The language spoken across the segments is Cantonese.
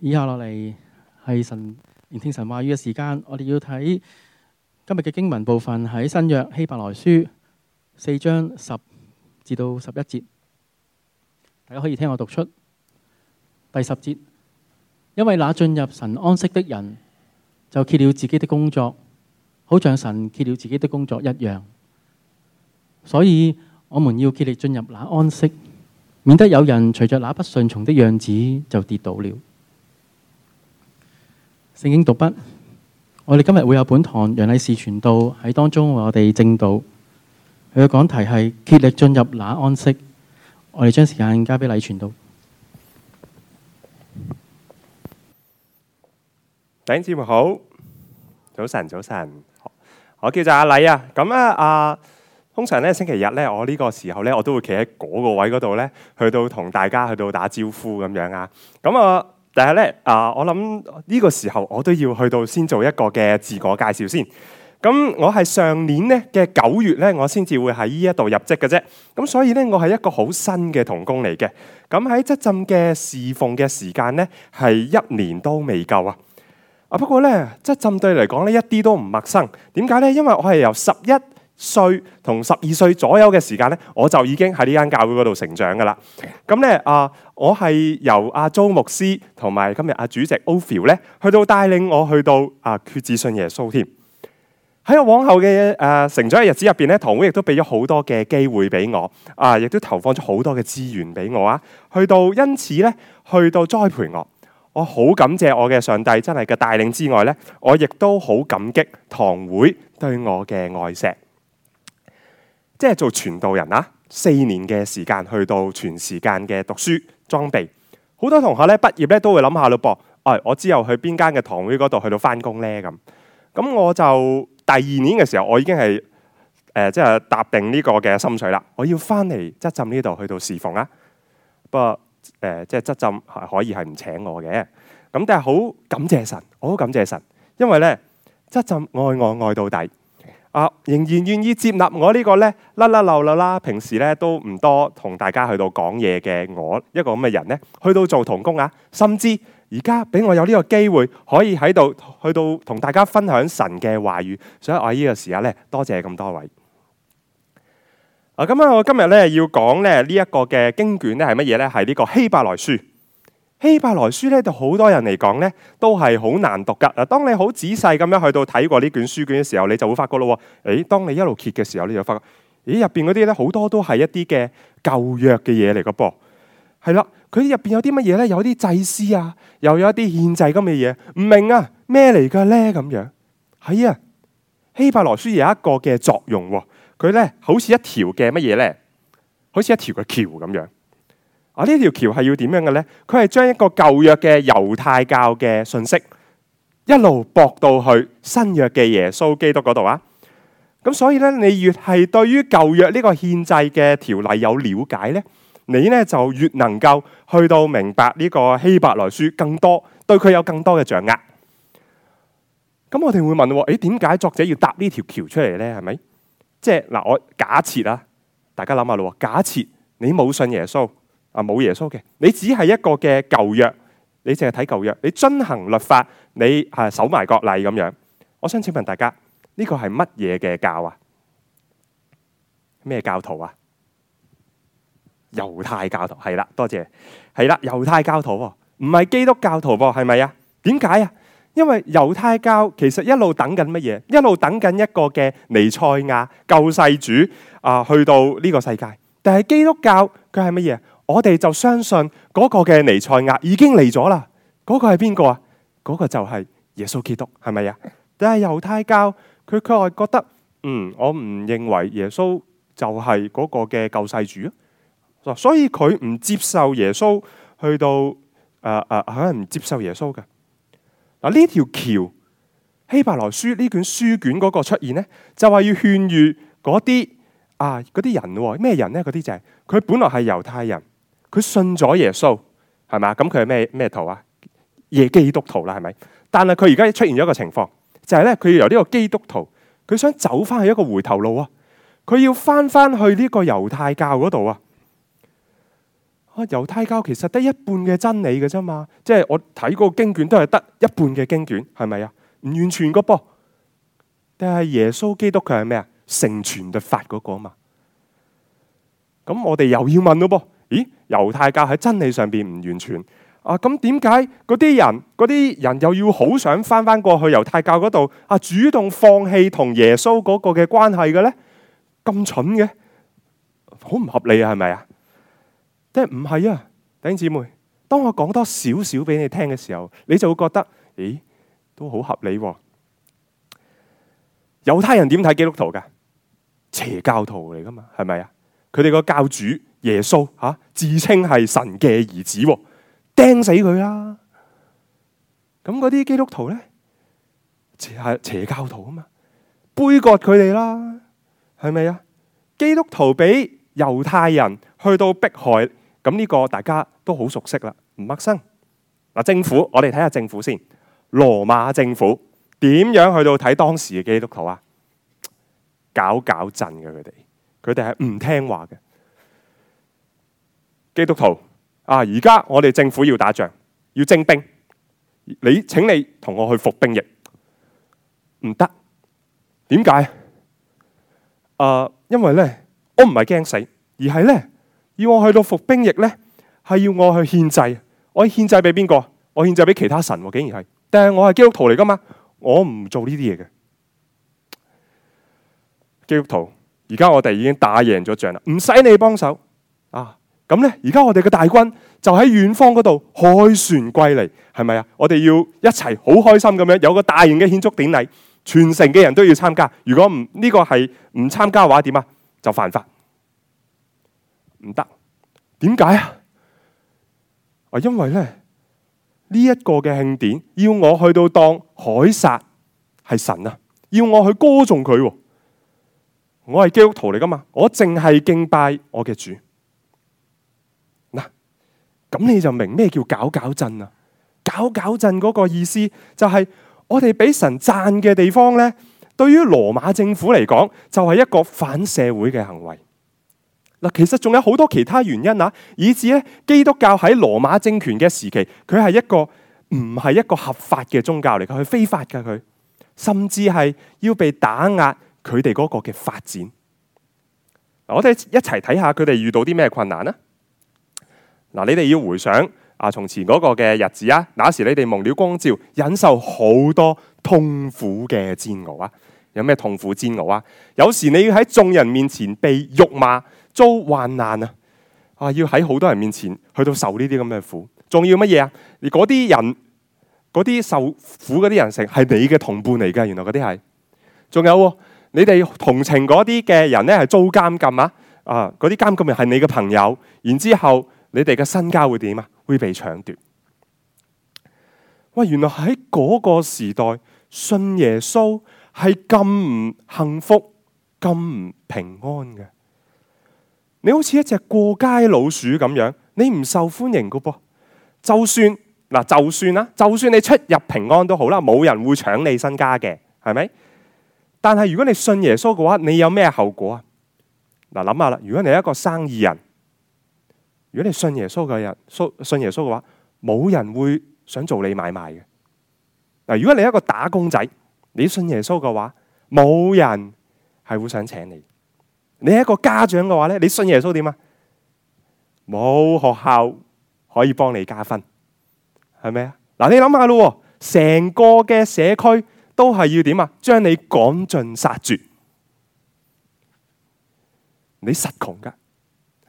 以下落嚟係神聆聽神話語嘅時間，我哋要睇今日嘅經文部分喺新約希伯來書四章十至到十一節，大家可以聽我讀出第十節。因為那進入神安息的人就歇了自己的工作，好像神歇了自己的工作一樣，所以我們要竭力進入那安息，免得有人隨着那不信從的樣子就跌倒了。聖經讀畢。我哋今日會有本堂楊禮士傳道喺當中為我哋證道。佢嘅講題係竭力進入那安息。我哋將時間交俾禮傳道。頂志咪好？早晨，早晨。我叫做阿禮啊。咁啊，啊，通常咧星期日咧，我呢個時候咧，我都會企喺嗰個位嗰度咧，去到同大家去到打招呼咁樣啊。咁啊。但係咧，啊，我諗呢個時候我都要去到先做一個嘅自我介紹先。咁我係上年咧嘅九月咧，我先至會喺呢一度入職嘅啫。咁所以咧，我係一個好新嘅同工嚟嘅。咁喺執浸嘅侍奉嘅時間咧，係一年都未夠啊。啊，不過咧，執浸對嚟講咧一啲都唔陌生。點解咧？因為我係由十一。歲同十二歲左右嘅時間咧，我就已經喺呢間教會嗰度成長噶啦。咁咧啊，我係由阿、啊、周牧師同埋今日阿主席 Ophill 咧，去到帶領我去到啊，決志信耶穌添。喺我往後嘅誒、呃、成長嘅日子入邊咧，堂會亦都俾咗好多嘅機會俾我啊，亦都投放咗好多嘅資源俾我啊，去到因此咧，去到栽培我，我好感謝我嘅上帝真係嘅帶領之外咧，我亦都好感激堂會對我嘅愛錫。即係做傳道人啦，四年嘅時間去到全時間嘅讀書裝備，好多同學咧畢業咧都會諗下咯噃，哎，我之後去邊間嘅堂會嗰度去到翻工咧咁。咁我就第二年嘅時候，我已經係誒即係踏定呢個嘅心水啦，我要翻嚟執浸呢度去到侍奉啊。不過誒，呃，即係執浸可以係唔請我嘅。咁但係好感謝神，好感謝神，因為咧執浸愛我愛，愛到底。仍然願意接納我呢個咧甩甩流流啦，平時咧都唔多同大家去到講嘢嘅我一個咁嘅人咧，去到做童工啊，甚至而家俾我有呢個機會可以喺度去到同大家分享神嘅話語，所以我喺呢個時候咧多謝咁多位。啊，咁啊，我今日咧要講咧呢一個嘅經卷咧係乜嘢咧？係呢個希伯來書。希伯來書咧，就好多人嚟講咧，都係好難讀噶。嗱，當你好仔細咁樣去到睇過呢卷書卷嘅時候，你就會發覺咯。誒、哎，當你一路揭嘅時候，你就會發覺，咦、哎，入邊嗰啲咧好多都係一啲嘅舊約嘅嘢嚟噶噃。係啦，佢入邊有啲乜嘢咧？有啲祭司啊，又有一啲獻祭咁嘅嘢，唔明白啊，咩嚟噶咧？咁樣係啊、哎，希伯來書有一個嘅作用，佢咧好似一條嘅乜嘢咧，好似一條嘅橋咁樣。啊！呢條橋係要點樣嘅呢？佢係將一個舊約嘅猶太教嘅信息一路駁到去新約嘅耶穌基督嗰度啊。咁所以咧，你越係對於舊約呢個憲制嘅條例有了解呢，你呢就越能夠去到明白呢個希伯來書更多，對佢有更多嘅掌握。咁我哋會問：誒，點解作者要搭呢條橋出嚟呢？係咪？即係嗱，我假設啊，大家諗下啦。假設你冇信耶穌。啊！冇耶穌嘅你，只係一個嘅舊約，你淨係睇舊約，你遵行律法，你啊守埋國禮咁樣。我想請問大家呢個係乜嘢嘅教啊？咩教徒啊？猶太教徒係啦，多謝係啦，猶太教徒唔係基督教徒喎，係咪啊？點解啊？因為猶太教其實一路等緊乜嘢？一路等緊一個嘅尼賽亞救世主啊，去到呢個世界，但係基督教佢係乜嘢？我哋就相信嗰個嘅彌賽亞已經嚟咗啦，嗰、那個係邊個啊？嗰、那個就係耶穌基督，係咪啊？但係猶太教佢佢係覺得，嗯，我唔認為耶穌就係嗰個嘅救世主啊，所以佢唔接受耶穌，去到誒誒，可能唔接受耶穌嘅。嗱呢條橋希伯來書呢卷書卷嗰個出現呢，就話要勸喻嗰啲啊啲人喎、哦，咩人呢？嗰啲就係、是、佢本來係猶太人。佢信咗耶穌，係咪啊？咁佢係咩咩徒啊？耶基督徒啦，係咪？但係佢而家出現咗一個情況，就係咧，佢要由呢個基督徒，佢想走翻去一個回頭路啊！佢要翻翻去呢個猶太教嗰度啊！啊，猶太教其實得一半嘅真理嘅啫嘛，即係我睇嗰個經卷都係得一半嘅經卷，係咪啊？唔完全個噃，但係耶穌基督佢係咩啊？成全律法嗰個啊嘛。咁我哋又要問咯噃。咦，猶太教喺真理上邊唔完全啊！咁點解嗰啲人嗰啲人又要好想翻翻過去猶太教嗰度啊？主動放棄同耶穌嗰個嘅關係嘅咧，咁蠢嘅，好唔合理啊？係咪啊？即係唔係啊，弟兄姊妹，當我講多少少俾你聽嘅時候，你就會覺得，咦，都好合理啊。猶太人點睇基督徒噶？邪教徒嚟噶嘛？係咪啊？佢哋個教主，耶穌吓、啊、自稱係神嘅兒子、啊，釘死佢啦、啊。咁嗰啲基督徒咧，係邪、邪教徒啊嘛，杯葛佢哋啦，係咪啊？基督徒俾猶太人去到迫害，咁呢個大家都好熟悉啦，唔陌生。嗱、啊，政府我哋睇下政府先，羅馬政府點樣去到睇當時嘅基督徒啊？搞搞震嘅佢哋，佢哋係唔聽話嘅。基督徒啊，而家我哋政府要打仗，要徵兵，你請你同我去服兵役，唔得，點解？啊，因為咧，我唔係驚死，而係咧，要我去到服兵役咧，係要我去獻祭，我獻祭俾邊個？我獻祭俾其他神，啊，竟然係，但係我係基督徒嚟噶嘛，我唔做呢啲嘢嘅。基督徒，而家我哋已經打贏咗仗啦，唔使你幫手。咁咧，而家我哋嘅大軍就喺遠方嗰度凱旋歸嚟，係咪啊？我哋要一齊好開心咁樣，有個大型嘅慶祝典禮，全城嘅人都要參加。如果唔呢個係唔參加嘅話，點啊？就犯法，唔得。點解啊？啊，因為咧呢一個嘅慶典，要我去到當海撒係神啊，要我去歌頌佢。我係基督徒嚟噶嘛，我淨係敬拜我嘅主。咁你就明咩叫搞搞震啊？搞搞震嗰個意思就係我哋俾神讚嘅地方呢，對於羅馬政府嚟講就係一個反社會嘅行為。嗱，其實仲有好多其他原因啊，以至呢基督教喺羅馬政權嘅時期，佢係一個唔係一個合法嘅宗教嚟，佢係非法嘅，佢甚至係要被打壓佢哋嗰個嘅發展。我哋一齊睇下佢哋遇到啲咩困難呢？嗱，你哋要回想啊，從前嗰個嘅日子啊，那時你哋蒙了光照，忍受好多痛苦嘅煎熬啊。有咩痛苦煎熬啊？有時你要喺眾人面前被辱罵，遭患難啊。啊，要喺好多人面前去到受呢啲咁嘅苦，仲要乜嘢啊？而啲人，嗰啲受苦嗰啲人，食係你嘅同伴嚟嘅。原來嗰啲係仲有你哋同情嗰啲嘅人咧，係遭監禁啊。啊，嗰啲監禁人係你嘅朋友，然之後。你哋嘅身家會點啊？會被搶奪？喂，原來喺嗰個時代，信耶穌係咁唔幸福，咁唔平安嘅。你好似一隻過街老鼠咁樣，你唔受歡迎噶噃。就算嗱，就算啦，就算你出入平安都好啦，冇人會搶你身家嘅，係咪？但係如果你信耶穌嘅話，你有咩後果啊？嗱，諗下啦，如果你係一個生意人。如果你信耶穌嘅人，信耶穌嘅話，冇人會想做你買賣嘅。嗱，如果你係一個打工仔，你信耶穌嘅話，冇人係會想請你。你係一個家長嘅話咧，你信耶穌，點啊？冇學校可以幫你加分，係咪啊？嗱，你諗下咯，成個嘅社區都係要點啊？將你趕盡殺絕，你實窮噶，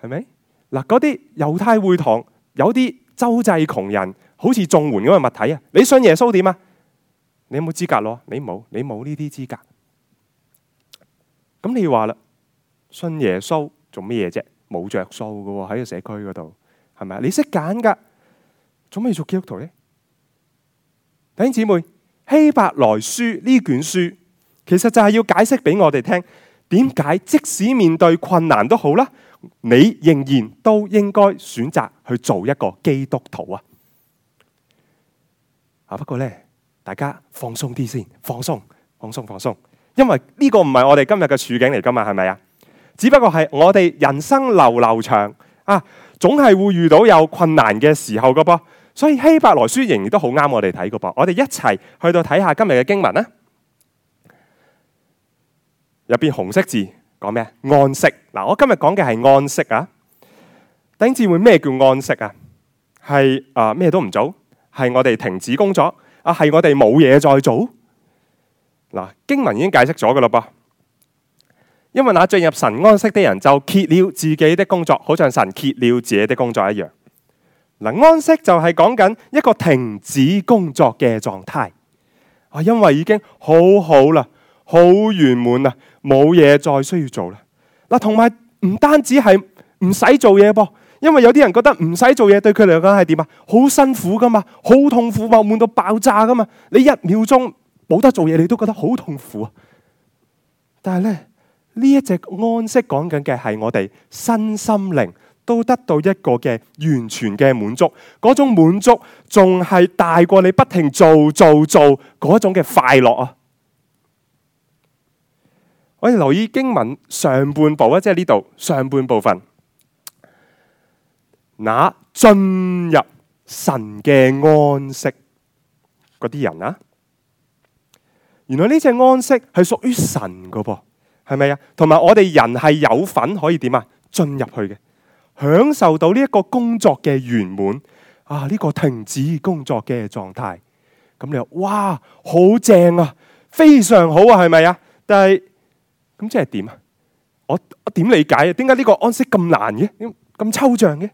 係咪？嗱，嗰啲猶太會堂有啲周濟窮人，好似綜援嗰個物體啊！你信耶穌點啊？你有冇資格攞？你冇，你冇呢啲資格。咁你話啦，信耶穌做咩嘢啫？冇着數噶喎，喺個社區嗰度係咪啊？你識揀噶，做咩要做基督徒咧？弟兄姊妹，希伯來書呢卷書，其實就係要解釋俾我哋聽。點解即使面對困難都好啦，你仍然都應該選擇去做一個基督徒啊！啊，不過咧，大家放鬆啲先，放鬆，放鬆，放鬆，因為呢個唔係我哋今日嘅處境嚟噶嘛，係咪啊？只不過係我哋人生流流長啊，總係會遇到有困難嘅時候噶噃，所以希伯來書仍然都好啱我哋睇噶噃，我哋一齊去到睇下今日嘅經文啊。入邊紅色字講咩？安息。嗱，我今日講嘅係安息啊。弟兄姊妹，咩叫安息啊？係啊，咩都唔做，係我哋停止工作啊，係我哋冇嘢再做。嗱、啊，經文已經解釋咗噶啦噃，因為那進入神安息的人就歇了自己的工作，好像神歇了自己的工作一樣。嗱，安息就係講緊一個停止工作嘅狀態啊，因為已經好好啦。好圓滿啊，冇嘢再需要做啦。嗱，同埋唔單止係唔使做嘢噃，因為有啲人覺得唔使做嘢對佢嚟講係點啊？好辛苦噶嘛，好痛苦嘛，悶到爆炸噶嘛。你一秒鐘冇得做嘢，你都覺得好痛苦啊。但係咧，呢一隻安息講緊嘅係我哋身心靈都得到一個嘅完全嘅滿足，嗰種滿足仲係大過你不停做做做嗰種嘅快樂啊！我哋留意經文上半部啊，即係呢度上半部分，嗱，進入神嘅安息嗰啲人啊，原來呢隻安息係屬於神噶噃，係咪啊？同埋我哋人係有份可以點啊？進入去嘅，享受到呢一個工作嘅圓滿啊，呢個停止工作嘅狀態，咁你話哇，好正啊，非常好啊，係咪啊？但係。咁即係點啊？我我點理解啊？點解呢個安息咁難嘅，咁抽象嘅？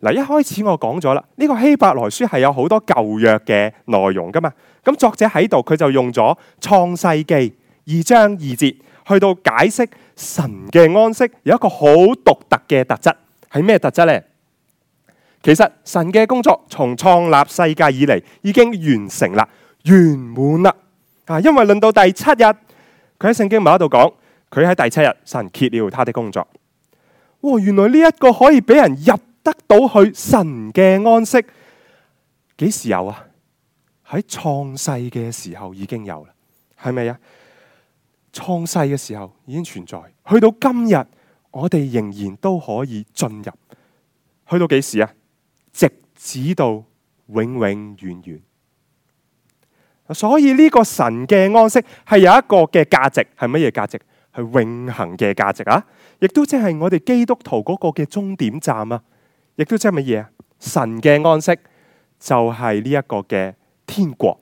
嗱，一開始我講咗啦，呢個希伯來書係有好多舊約嘅內容噶嘛。咁作者喺度佢就用咗創世記二章二節去到解釋神嘅安息有一個好獨特嘅特質，係咩特質呢？其實神嘅工作從創立世界以嚟，已經完成啦，圓滿啦啊！因為論到第七日。佢喺聖經某一度講，佢喺第七日神歇了他的工作。哇、哦！原來呢一個可以俾人入得到去神嘅安息，幾時有啊？喺創世嘅時候已經有啦，係咪啊？創世嘅時候已經存在，去到今日我哋仍然都可以進入。去到幾時啊？直至到直至永永遠遠。所以呢個神嘅安息係有一個嘅價值，係乜嘢價值？係永恒嘅價值啊！亦都即係我哋基督徒嗰個嘅終點站啊！亦都即係乜嘢？神嘅安息就係呢一個嘅天國，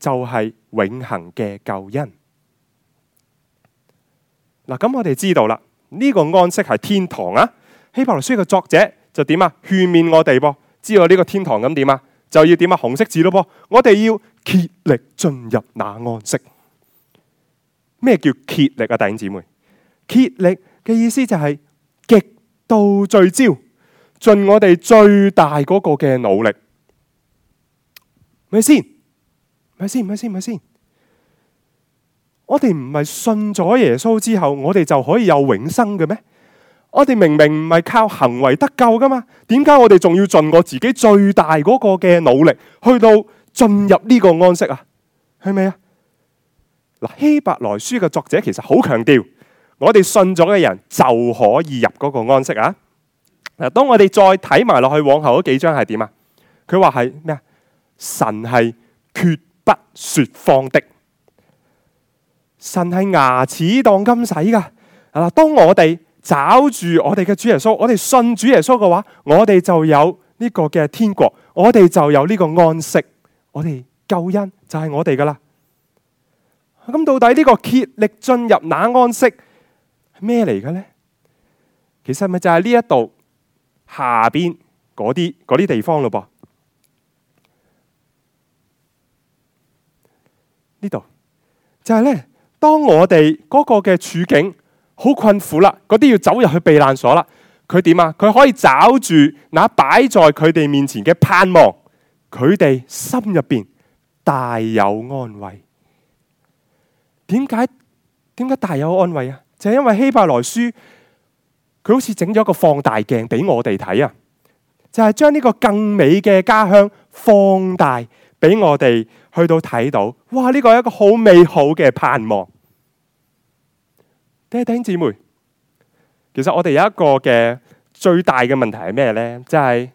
就係永恒嘅救恩。嗱，咁我哋知道啦，呢個安息係天堂啊！希伯來書嘅作者就點啊勸勉我哋噃，知道呢個天堂咁點啊？就要點啊？紅色字咯，噃，我哋要竭力進入那安息。咩叫竭力啊？弟兄姊妹，竭力嘅意思就係極度聚焦，盡我哋最大嗰個嘅努力，係咪先？係咪先？係咪先？係咪先？我哋唔係信咗耶穌之後，我哋就可以有永生嘅咩？我哋明明唔係靠行為得救噶嘛，點解我哋仲要盡過自己最大嗰個嘅努力，去到進入呢個安息啊？係咪啊？嗱，希伯來書嘅作者其實好強調，我哋信咗嘅人就可以入嗰個安息啊。嗱，當我哋再睇埋落去往後嗰幾章係點啊？佢話係咩啊？神係絕不說謊的，神係牙齒當金使噶。嗱，當我哋。找住我哋嘅主耶穌，我哋信主耶穌嘅話，我哋就有呢個嘅天國，我哋就有呢個安息，我哋救恩就係我哋噶啦。咁到底呢個竭力進入那安息咩嚟嘅咧？其實咪就係呢一度下邊嗰啲啲地方咯噃。就是、呢度就係咧，當我哋嗰個嘅處境。好困苦啦！嗰啲要走入去避難所啦，佢點啊？佢可以找住那擺在佢哋面前嘅盼望，佢哋心入邊大有安慰。點解，點解大有安慰啊？就係因為希伯來書，佢好似整咗一個放大鏡俾我哋睇啊！就係將呢個更美嘅家鄉放大俾我哋去到睇到，哇！呢個係一個好美好嘅盼望。弟兄姐妹，其實我哋有一個嘅最大嘅問題係咩呢？就係、是、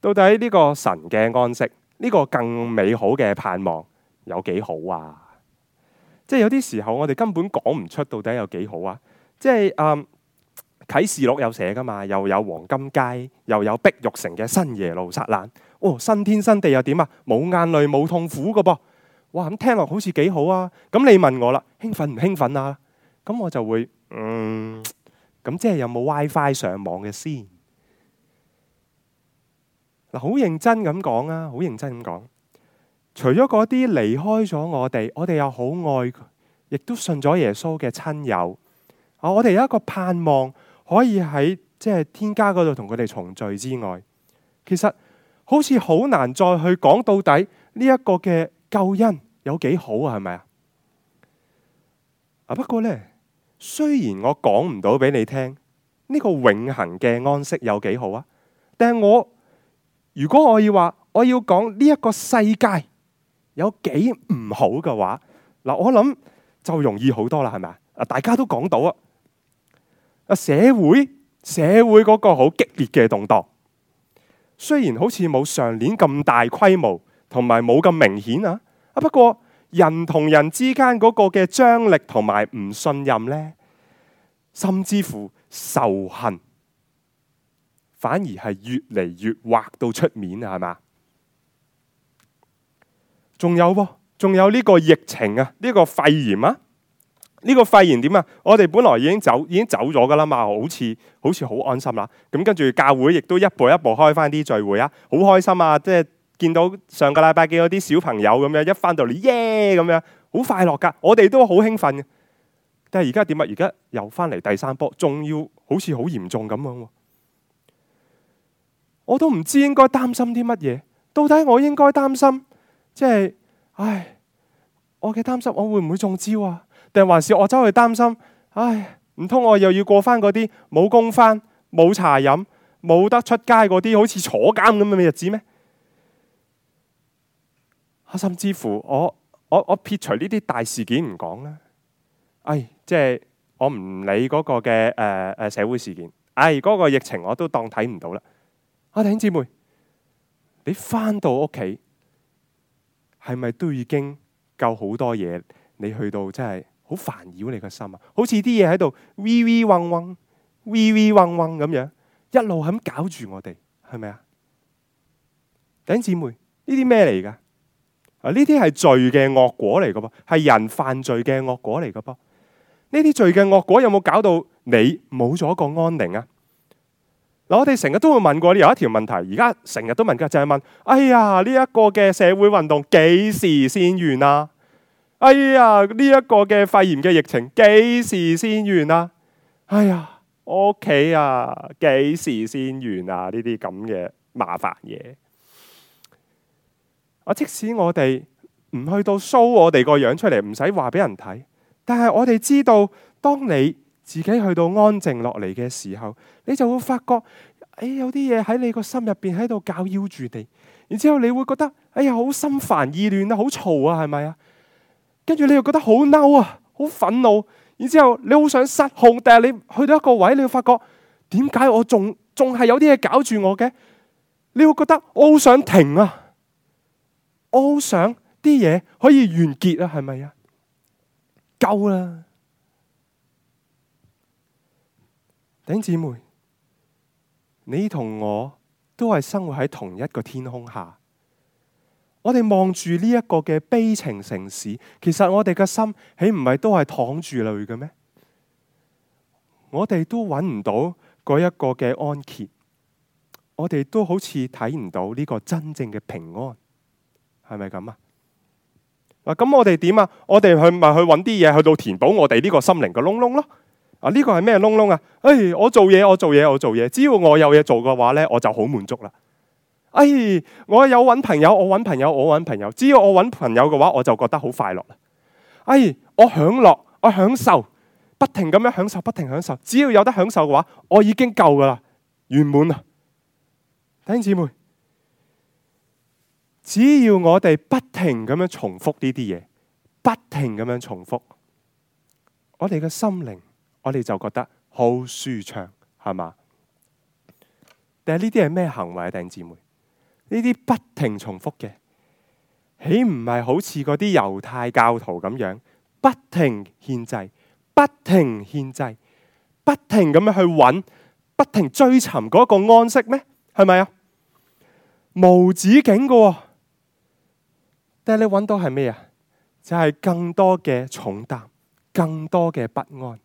到底呢個神嘅安息，呢、這個更美好嘅盼望有幾好啊？即、就、係、是、有啲時候我哋根本講唔出到底有幾好啊！即、就、係、是、嗯，啟示錄有寫噶嘛？又有黃金街，又有碧玉城嘅新耶路撒冷。哦，新天新地又點啊？冇眼淚，冇痛苦嘅噃。哇！咁聽落好似幾好啊。咁你問我啦，興奮唔興奮啊？咁我就會嗯咁，即係有冇 WiFi 上網嘅先嗱。好認真咁講啊，好認真咁講。除咗嗰啲離開咗我哋，我哋又好愛，亦都信咗耶穌嘅親友啊，我哋有一個盼望可以喺即係天家嗰度同佢哋重聚之外，其實好似好難再去講到底呢一個嘅。救恩有幾好啊？係咪啊？啊不過呢，雖然我講唔到俾你聽呢個永恆嘅安息有幾好啊，但係我如果我要話我要講呢一個世界有幾唔好嘅話，嗱我諗就容易好多啦，係咪啊？大家都講到啊，社會社會嗰個好激烈嘅動盪，雖然好似冇上年咁大規模。同埋冇咁明顯啊！啊不過人同人之間嗰個嘅張力同埋唔信任呢，甚至乎仇恨，反而係越嚟越畫到出面啊！係嘛？仲有喎，仲有呢個疫情啊，呢個肺炎啊，呢個肺炎點啊？我哋本來已經走已經走咗噶啦嘛，好似好似好安心啦。咁跟住教會亦都一步一步開翻啲聚會啊，好開心啊！即係。見到上個禮拜見到啲小朋友咁樣一翻到嚟，耶咁樣好快樂㗎，我哋都好興奮嘅。但係而家點啊？而家又翻嚟第三波，仲要好似好嚴重咁樣，我都唔知應該擔心啲乜嘢。到底我應該擔心即係唉，我嘅擔心我會唔會中招啊？定還是我走去擔心唉？唔通我又要過翻嗰啲冇工翻、冇茶飲、冇得出街嗰啲，好似坐監咁樣嘅日子咩？甚至乎我我我撇除呢啲大事件唔講啦，唉，即係我唔理嗰個嘅誒誒社會事件，唉，嗰個疫情我都當睇唔到啦，啊。我弟兄姊妹，你翻到屋企係咪都已經夠好多嘢？你去到真係好煩擾你個心啊！好似啲嘢喺度嗡嗡嗡嗡嗡嗡咁樣，一路咁搞住我哋，係咪啊？弟兄姊妹，呢啲咩嚟噶？呢啲係罪嘅惡果嚟噶噃，係人犯罪嘅惡果嚟噶噃。呢啲罪嘅惡果有冇搞到你冇咗個安寧啊？嗱，我哋成日都會問過你有一條問題，而家成日都問嘅就係問：哎呀，呢一個嘅社會運動幾時先完啊？哎呀，呢一個嘅肺炎嘅疫情幾時先完啊？哎呀，我屋企啊，幾時先完啊？呢啲咁嘅麻煩嘢。我即使我哋唔去到 show 我哋個樣出嚟，唔使話俾人睇，但係我哋知道，當你自己去到安靜落嚟嘅時候，你就會發覺，誒、哎、有啲嘢喺你個心入邊喺度搞擾住你，然之後你會覺得，哎呀好心煩意亂啊，好嘈啊，係咪啊？跟住你又覺得好嬲啊，好憤怒，然之後你好想失控，但係你去到一個位，你會發覺點解我仲仲係有啲嘢搞住我嘅？你會覺得我好想停啊。我好想啲嘢可以完結啊，係咪啊？夠啦！頂姊妹，你同我都係生活喺同一個天空下，我哋望住呢一個嘅悲情城市，其實我哋嘅心豈唔係都係淌住淚嘅咩？我哋都揾唔到嗰一個嘅安歇，我哋都好似睇唔到呢個真正嘅平安。係咪咁啊？嗱，咁我哋點啊？我哋去咪去搵啲嘢去到填補我哋呢個心靈嘅窿窿咯。啊，呢個係咩窿窿啊？哎，我做嘢，我做嘢，我做嘢。只要我有嘢做嘅話呢，我就好滿足啦。哎，我有搵朋友，我搵朋友，我搵朋友。只要我搵朋友嘅話，我就覺得好快樂啦。哎，我享樂，我享受，不停咁樣享受，不停享受。只要有得享受嘅話，我已經夠㗎啦，圓滿啦。弟兄姊妹。只要我哋不停咁樣重複呢啲嘢，不停咁樣重複，我哋嘅心靈，我哋就覺得好舒暢，係嘛？但係呢啲係咩行為啊？弟兄姊妹，呢啲不停重複嘅，豈唔係好似嗰啲猶太教徒咁樣，不停獻祭，不停獻祭，不停咁樣去揾，不停追尋嗰個安息咩？係咪啊？無止境嘅。但你揾到係咩啊？就係更多嘅重擔，更多嘅不安。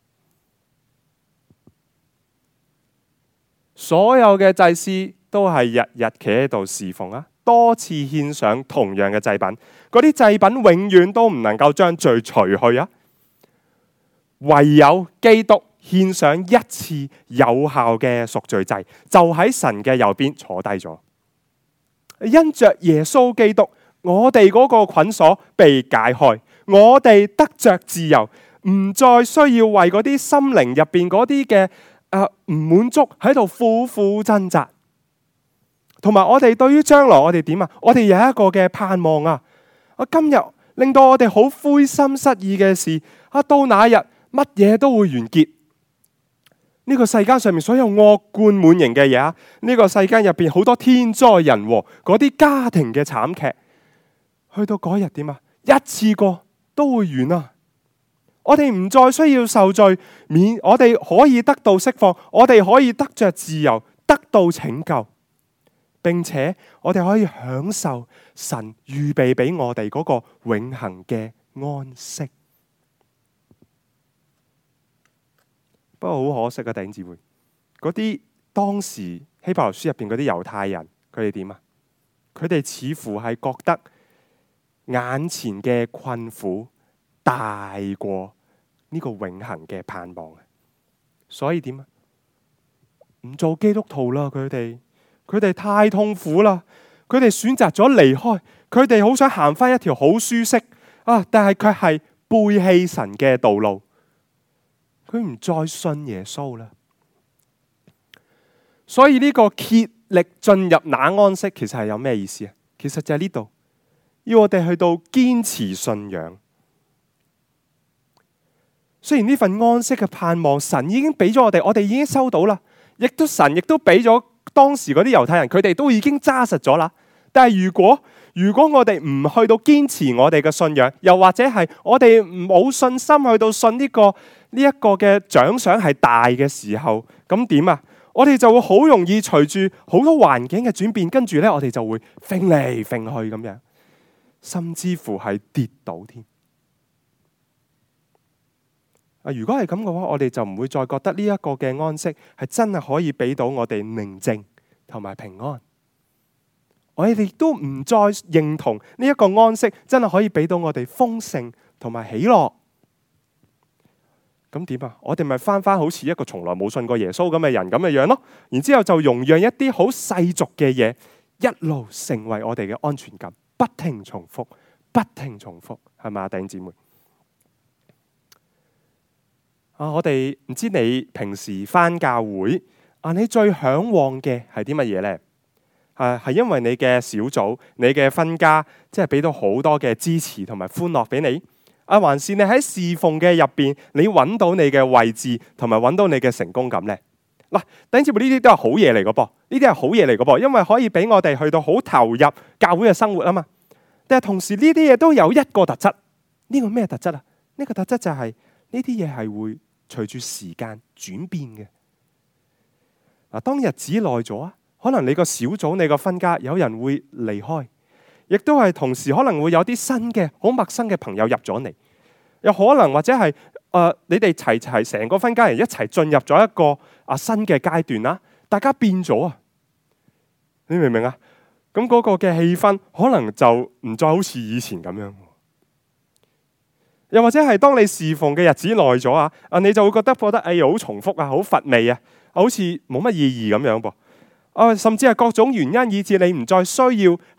所有嘅祭司都係日日企喺度侍奉啊，多次獻上同樣嘅祭品，嗰啲祭品永遠都唔能夠將罪除去啊。唯有基督獻上一次有效嘅贖罪祭，就喺神嘅右邊坐低咗。因着耶穌基督。我哋嗰個捆鎖被解開，我哋得着自由，唔再需要為嗰啲心靈入邊嗰啲嘅誒唔滿足喺度苦苦掙扎。同埋，我哋對於將來我哋點啊？我哋有一個嘅盼望啊！我今日令到我哋好灰心失意嘅事啊，到那日乜嘢都會完結。呢個世間上面所有惡貫滿盈嘅嘢，呢個世間入邊好多天災人禍，嗰啲家庭嘅慘劇。去到嗰日點啊？一次過都會完啊！我哋唔再需要受罪，免我哋可以得到釋放，我哋可以得着自由，得到拯救，並且我哋可以享受神預備俾我哋嗰個永恆嘅安息。不過好可惜啊，弟兄姊妹，嗰啲當時希伯來書入邊嗰啲猶太人，佢哋點啊？佢哋似乎係覺得。眼前嘅困苦大過呢個永恆嘅盼望，所以點啊？唔做基督徒啦！佢哋佢哋太痛苦啦！佢哋選擇咗離開，佢哋好想行翻一條好舒適啊，但係卻係背棄神嘅道路。佢唔再信耶穌啦。所以呢個竭力進入那安息，其實係有咩意思啊？其實就喺呢度。要我哋去到堅持信仰，雖然呢份安息嘅盼望，神已經俾咗我哋，我哋已經收到啦，亦都神亦都俾咗當時嗰啲猶太人，佢哋都已經揸實咗啦。但係如果如果我哋唔去到堅持我哋嘅信仰，又或者係我哋冇信心去到信呢個呢一個嘅獎賞係大嘅時候，咁點啊？我哋就會好容易隨住好多環境嘅轉變，跟住咧我哋就會揈嚟揈去咁樣。甚至乎係跌倒添。啊，如果係咁嘅話，我哋就唔會再覺得呢一個嘅安息係真係可以俾到我哋寧靜同埋平安。我哋亦都唔再認同呢一個安息真係可以俾到我哋豐盛同埋喜樂。咁點啊？我哋咪翻翻好似一個從來冇信過耶穌咁嘅人咁嘅樣咯。然之後就容讓一啲好世俗嘅嘢一路成為我哋嘅安全感。不停重複，不停重複，係咪，弟兄姊妹啊？我哋唔知你平時翻教會啊，你最向往嘅係啲乜嘢呢？啊，係因為你嘅小組、你嘅分家，即係俾到好多嘅支持同埋歡樂俾你啊，還是你喺侍奉嘅入邊，你揾到你嘅位置同埋揾到你嘅成功感呢？嗱，頂住部呢啲都係好嘢嚟噶噃，呢啲係好嘢嚟噶噃，因為可以俾我哋去到好投入教會嘅生活啊嘛。但係同時呢啲嘢都有一個特質，呢個咩特質啊？呢個特質就係呢啲嘢係會隨住時間轉變嘅。嗱，當日子耐咗啊，可能你個小組、你個分家有人會離開，亦都係同時可能會有啲新嘅好陌生嘅朋友入咗嚟。有可能或者係誒、呃，你哋齊齊成個分家人一齊進入咗一個啊新嘅階段啦。大家變咗啊，你明唔明啊？咁嗰個嘅氣氛可能就唔再好似以前咁樣。又或者係當你侍奉嘅日子耐咗啊，啊，你就會覺得覺得哎呀好重複啊，好乏味啊，好似冇乜意義咁樣噃啊，甚至係各種原因以致你唔再需要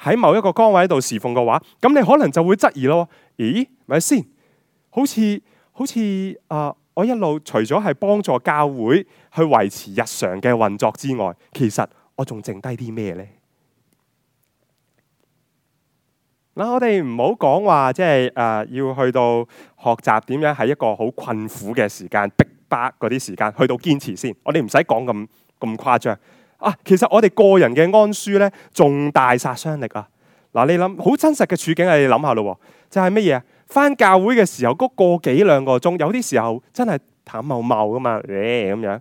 喺某一個崗位度侍奉嘅話，咁你可能就會質疑咯。咦，咪先？好似好似啊、呃！我一路除咗係幫助教會去維持日常嘅運作之外，其實我仲剩低啲咩呢？嗱，我哋唔好講話，即係誒、呃，要去到學習點樣喺一個好困苦嘅時間，逼迫嗰啲時間，去到堅持先。我哋唔使講咁咁誇張啊！其實我哋個人嘅安舒呢，仲大殺傷力啊！嗱，你諗好真實嘅處境，你諗下咯，就係乜嘢？翻教會嘅時候，嗰、那個幾兩個鐘，有啲時候真係淡茂茂噶嘛，誒、嗯、咁樣，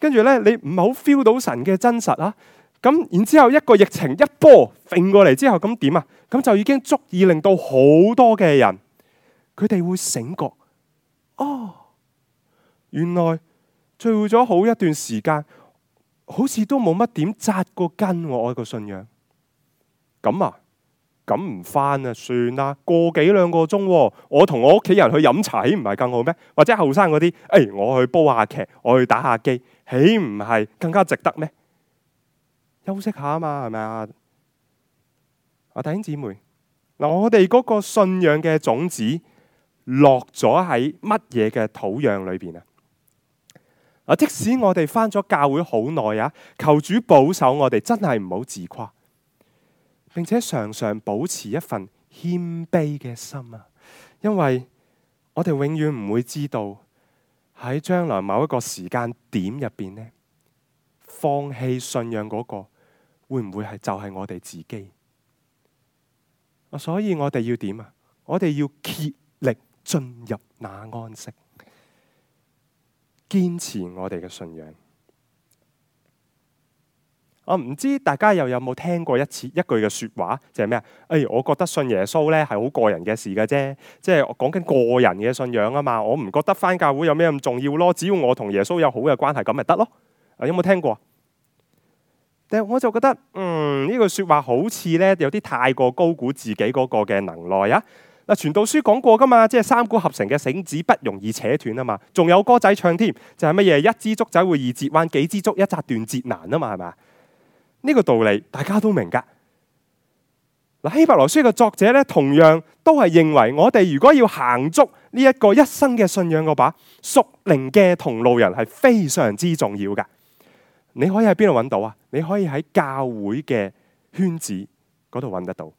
跟住咧你唔係好 feel 到神嘅真實啊，咁然之後一個疫情一波揈過嚟之後，咁點啊？咁就已經足以令到好多嘅人，佢哋會醒覺，哦，原來聚會咗好一段時間，好似都冇乜點紮過根我個信仰，咁啊。咁唔翻啊，算啦。過幾兩個鐘，我同我屋企人去飲茶，豈唔係更好咩？或者後生嗰啲，哎、欸，我去煲下劇，我去打下機，豈唔係更加值得咩？休息下啊嘛，係咪啊？啊弟兄姊妹，嗱，我哋嗰個信仰嘅種子落咗喺乜嘢嘅土壤裏邊啊？啊，即使我哋翻咗教會好耐啊，求主保守我哋，真係唔好自誇。並且常常保持一份謙卑嘅心啊，因為我哋永遠唔會知道喺將來某一個時間點入邊呢，放棄信仰嗰個會唔會係就係我哋自己。所以我哋要點啊？我哋要竭力進入那安息，堅持我哋嘅信仰。我唔知大家又有冇聽過一次一句嘅説話，就係咩啊？哎，我覺得信耶穌咧係好個人嘅事嘅啫，即係我講緊個人嘅信仰啊嘛。我唔覺得返教會有咩咁重要咯，只要我同耶穌有好嘅關係咁咪得咯。有冇聽過？但係我就覺得，嗯，呢句説話好似咧有啲太過高估自己嗰個嘅能耐啊。啊，傳道書講過噶嘛，即係三股合成嘅繩子不容易扯斷啊嘛，仲有歌仔唱添，就係乜嘢一支竹仔會易折彎，幾支竹一紮斷節難啊嘛，係咪啊？.呢、這個道理大家都明噶。嗱，《希伯來書》嘅作者咧，同樣都係認為，我哋如果要行足呢一個一生嘅信仰嘅話，屬靈嘅同路人係非常之重要噶。你可以喺邊度揾到啊？你可以喺教會嘅圈子嗰度揾得到。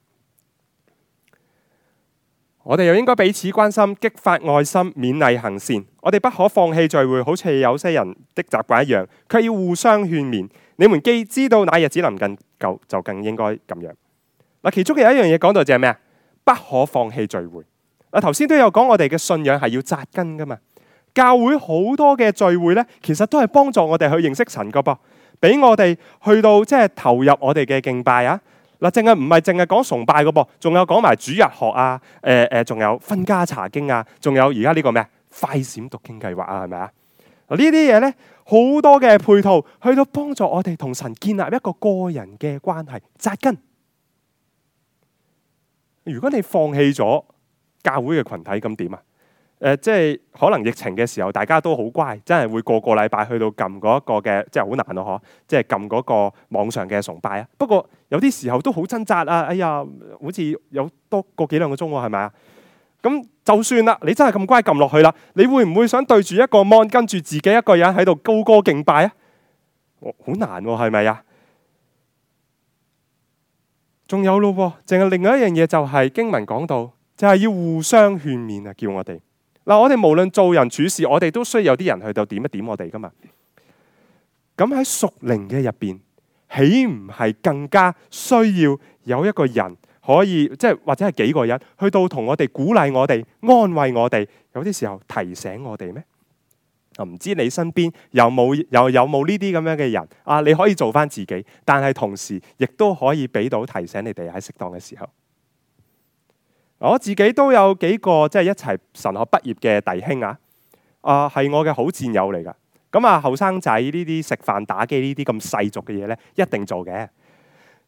我哋又應該彼此關心，激發愛心，勉勵行善。我哋不可放棄聚會，好似有些人的習慣一樣，卻要互相勸勉。你們既知道那日子臨近，就就更應該咁樣。嗱，其中嘅一樣嘢講到就係咩啊？不可放棄聚會。嗱，頭先都有講，我哋嘅信仰係要扎根噶嘛。教會好多嘅聚會呢，其實都係幫助我哋去認識神噶噃，俾我哋去到即係投入我哋嘅敬拜啊。嗱，淨係唔係淨係講崇拜嘅噃，仲有講埋主日學啊，誒、呃、誒，仲、呃、有分家查經啊，仲有而家呢個咩？快閃讀經計劃啊，係咪啊？呢啲嘢咧好多嘅配套，去到幫助我哋同神建立一個個人嘅關係，紮根。如果你放棄咗教會嘅群體，咁點啊？誒、呃，即係可能疫情嘅時候，大家都好乖，真係會個個禮拜去到撳嗰一個嘅，即係好難咯，嗬！即係撳嗰個網上嘅崇拜啊。不過有啲時候都好掙扎啊，哎呀，好似有多個幾兩個鐘，係咪啊？咁就算啦，你真係咁乖撳落去啦，你會唔會想對住一個 mon 跟住自己一個人喺度高歌敬拜很啊？好難喎，係咪啊？仲有咯，淨係另外一樣嘢就係經文講到，就係、是、要互相勸勉啊，叫我哋。嗱，我哋無論做人處事，我哋都需要有啲人去到點一點我哋㗎嘛。咁喺屬靈嘅入邊，起唔係更加需要有一個人可以即係或者係幾個人去到同我哋鼓勵我哋、安慰我哋，有啲時候提醒我哋咩？啊，唔知你身邊有冇又有冇呢啲咁樣嘅人啊？你可以做返自己，但係同時亦都可以俾到提醒你哋喺適當嘅時候。我自己都有幾個即係一齊神學畢業嘅弟兄啊，啊係我嘅好戰友嚟㗎。咁啊，後生仔呢啲食飯打機呢啲咁世俗嘅嘢咧，一定做嘅。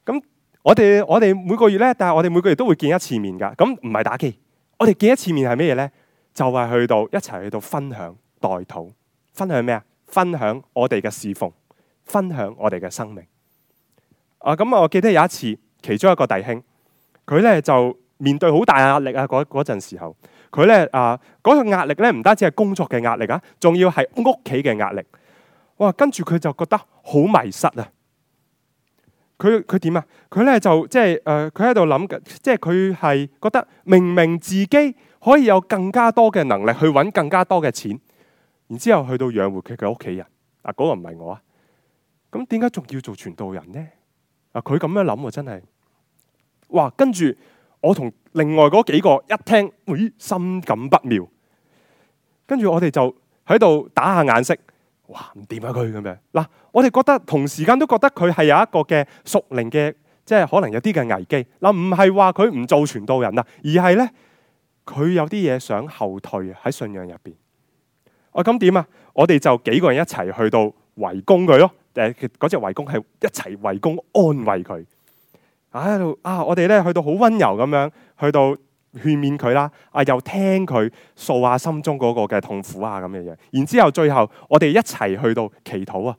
咁我哋我哋每個月咧，但係我哋每個月都會見一次面㗎。咁唔係打機，我哋見一次面係咩嘢咧？就係去到一齊去到分享代禱，分享咩啊？分享我哋嘅侍奉，分享我哋嘅生命。啊，咁我記得有一次，其中一個弟兄，佢咧就，面對好大壓力啊！嗰嗰陣時候，佢咧啊，嗰個壓力咧唔單止係工作嘅壓力啊，仲要係屋企嘅壓力。哇！跟住佢就覺得好迷失啊！佢佢點啊？佢咧就即係誒，佢喺度諗緊，即係佢係覺得明明自己可以有更加多嘅能力去搵更加多嘅錢，然之後去到養活佢嘅屋企人啊！嗰個唔係我啊！咁點解仲要做傳道人呢？啊！佢咁樣諗啊，真係，哇！跟住。我同另外嗰幾個一聽，咦、哎，心感不妙。跟住我哋就喺度打下眼色，哇，唔掂呀佢咁樣。嗱，我哋覺得同時間都覺得佢係有一個嘅屬靈嘅，即係可能有啲嘅危機。嗱，唔係話佢唔做傳道人啊，而係咧佢有啲嘢想後退喺信仰入邊。我咁點啊？我哋就幾個人一齊去到圍攻佢咯。誒，嗰隻圍攻係一齊圍攻安慰佢。啊！啊！我哋咧去到好溫柔咁樣，去到勸勉佢啦。啊，又聽佢訴下心中嗰個嘅痛苦啊咁嘅樣。然之後最後，我哋一齊去到祈禱啊。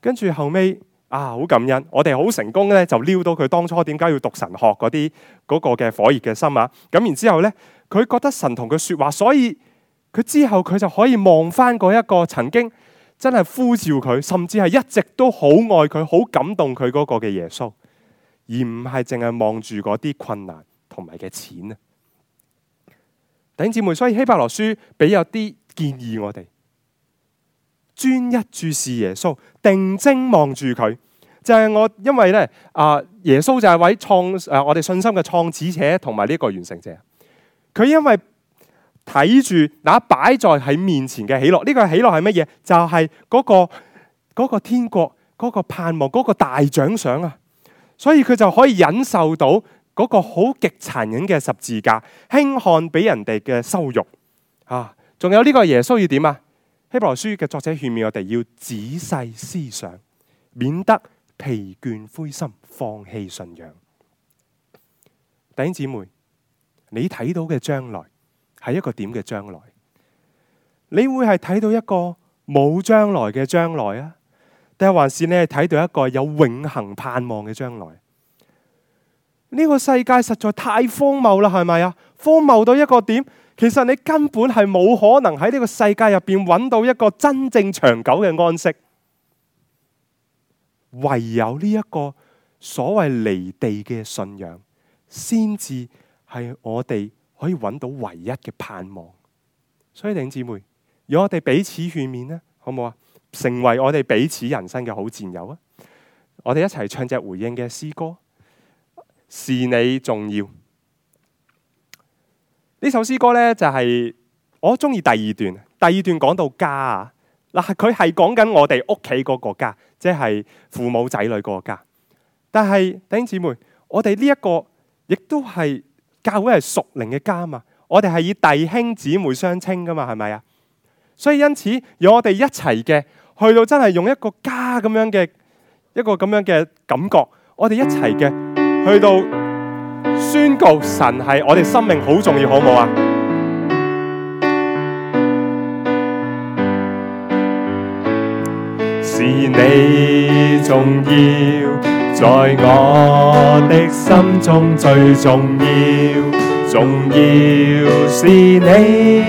跟住後尾啊，好感恩！我哋好成功咧，就撩到佢當初點解要讀神學嗰啲嗰個嘅火熱嘅心啊。咁然之後咧，佢覺得神同佢説話，所以佢之後佢就可以望翻嗰一個曾經。真係呼召佢，甚至係一直都好愛佢，好感動佢嗰個嘅耶穌，而唔係淨係望住嗰啲困難同埋嘅錢啊！弟兄姊妹，所以希伯羅書俾有啲建議我哋，專一注視耶穌，定睛望住佢，就係、是、我因為咧啊，耶穌就係位創誒、啊，我哋信心嘅創始者同埋呢個完成者，佢因為。睇住那擺在喺面前嘅喜樂，呢個喜樂係乜嘢？就係嗰個嗰個天國，嗰個盼望，嗰個大獎賞啊！所以佢就可以忍受到嗰個好極殘忍嘅十字架，輕看俾人哋嘅羞辱啊！仲有呢個耶穌要點啊？希伯來書嘅作者勸勉我哋要仔細思想，免得疲倦灰心，放棄信仰。弟兄姊妹，你睇到嘅將來。係一個點嘅將來？你會係睇到一個冇將來嘅將來啊？定係還是你係睇到一個有永恒盼望嘅將來？呢個世界實在太荒謬啦，係咪啊？荒謬到一個點，其實你根本係冇可能喺呢個世界入邊揾到一個真正長久嘅安息。唯有呢一個所謂離地嘅信仰，先至係我哋。可以揾到唯一嘅盼望，所以弟兄姊妹，如果我哋彼此勸勉呢，好唔好啊？成為我哋彼此人生嘅好戰友啊！我哋一齊唱隻回應嘅詩歌，是你重要。呢首詩歌呢、就是，就係我中意第二段，第二段講到家啊，嗱，佢係講緊我哋屋企嗰個家，即、就、係、是、父母仔女個家。但係弟兄姊妹，我哋呢一個亦都係。教會係屬靈嘅家嘛，我哋係以弟兄姊妹相稱噶嘛，係咪啊？所以因此們，讓我哋一齊嘅去到真係用一個家咁樣嘅一個咁樣嘅感覺，我哋一齊嘅去到宣告神係我哋生命好重要，好唔好啊？是你重要。在我的心中最重要，重要是你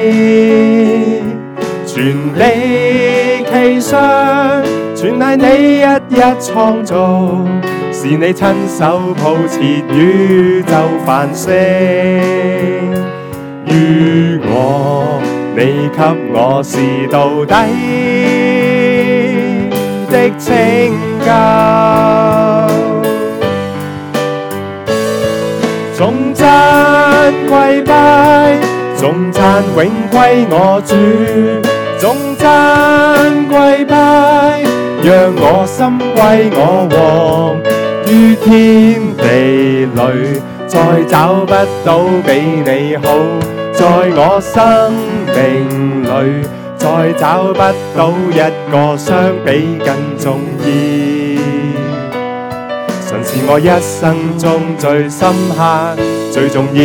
全其，全力奇勳，全賴你一一創造，是你親手鋪設宇宙繁星。於我，你給我是到底的拯救。跪拜，眾讚永歸我主，眾讚跪拜，讓我心歸我王。於天地裏再找不到比你好，在我生命裏再找不到一個相比更重要。曾是我一生中最深刻、最重要，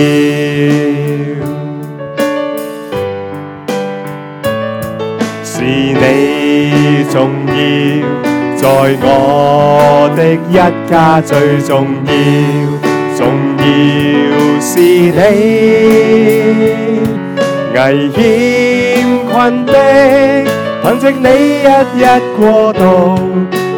是你重要，在我的一家最重要，重要是你，危險困的，憑着你一一過渡。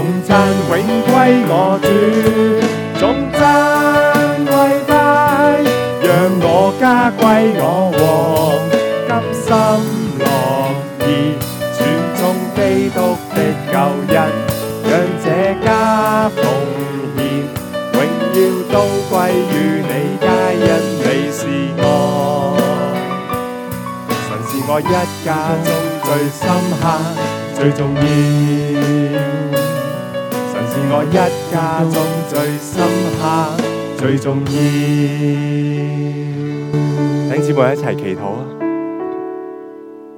眾讚永歸我主，眾讚跪拜，讓我家歸我王，甘心樂意傳頌基督的救恩，讓這家奉獻，榮耀都歸於你人，皆因你是我，神是我一家中最深刻、最重要。我一家中最深刻、最重要，等姊妹一齊祈禱啊！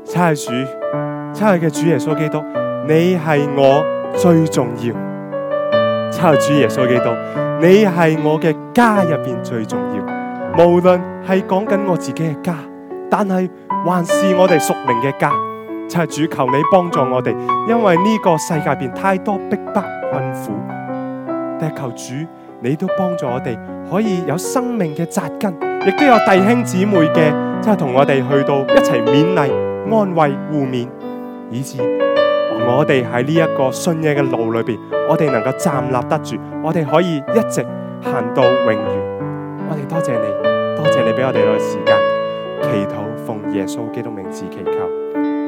親愛主，親愛嘅主耶穌基督，你係我最重要。親愛主耶穌基督，你係我嘅家入邊最重要。無論係講緊我自己嘅家，但係還是我哋屬靈嘅家。就係，主求你幫助我哋，因為呢個世界裏邊太多逼迫困苦，但係求主你都幫助我哋，可以有生命嘅扎根，亦都有弟兄姊妹嘅，即係同我哋去到一齊勉勵、安慰、互勉，以至我哋喺呢一個信嘢嘅路裏邊，我哋能夠站立得住，我哋可以一直行到永遠。我哋多謝你，多謝你俾我哋嘅時間，祈禱奉耶穌基督名字祈求。